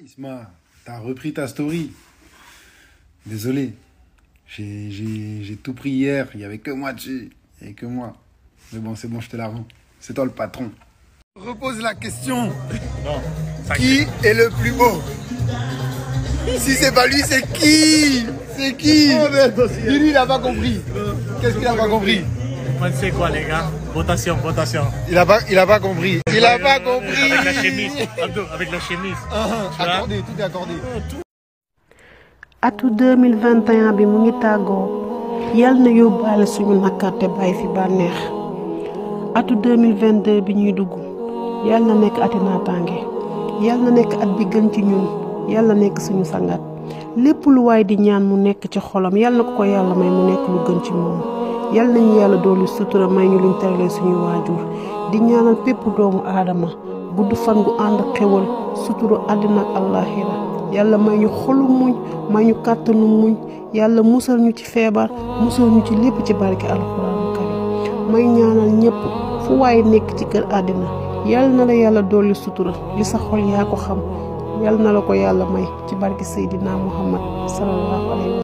Isma, t'as repris ta story. Désolé, j'ai tout pris hier, il n'y avait que moi dessus, et que moi. Mais bon, c'est bon, je te la rends. C'est toi le patron. Repose la question. qui est le plus beau Si c'est pas lui, c'est qui C'est qui oh, hein. Lui, il n'a pas compris. Qu'est-ce qu'il n'a pas compris Vous quoi, les gars Rotation, rotation. Il a pas, il a pas compris. Il a pas compris. Avec la chemise. Avec la chemise. Ah, ah, accordé, tout est accordé. À tout 2021 bi mu tago. yal na yobale suñu Nakate Bay fi À tout 2022 bi ñuy dugg yal na nek atina tangé. yal na nek at bi gën ci ñun yal na nek suñu sangat lépp lu waaye di ñaan mu nekk ci xolam yàlla na ko ko yàlla may mu nekk lu gën ci moom yàlla nañu yàlla doolu sutura may ñu luñ terale suñu waajur di ñaanal pépp doomu aadama gudd fan gu ànd xewal sutura àddina ak àllaaxira yàlla may ñu xolu muñ may ñu kàttanu muñ yàlla musal ñu ci feebar musal ñu ci lépp ci barke alxuraan karim may ñaanal ñëpp fu waaye nekk ci kër àddina yàlla na la yàlla dolli sutura li sa xol yaa ko xam yàlla na la ko yàlla may ci barke Seydina Muhammad sallallahu alayhi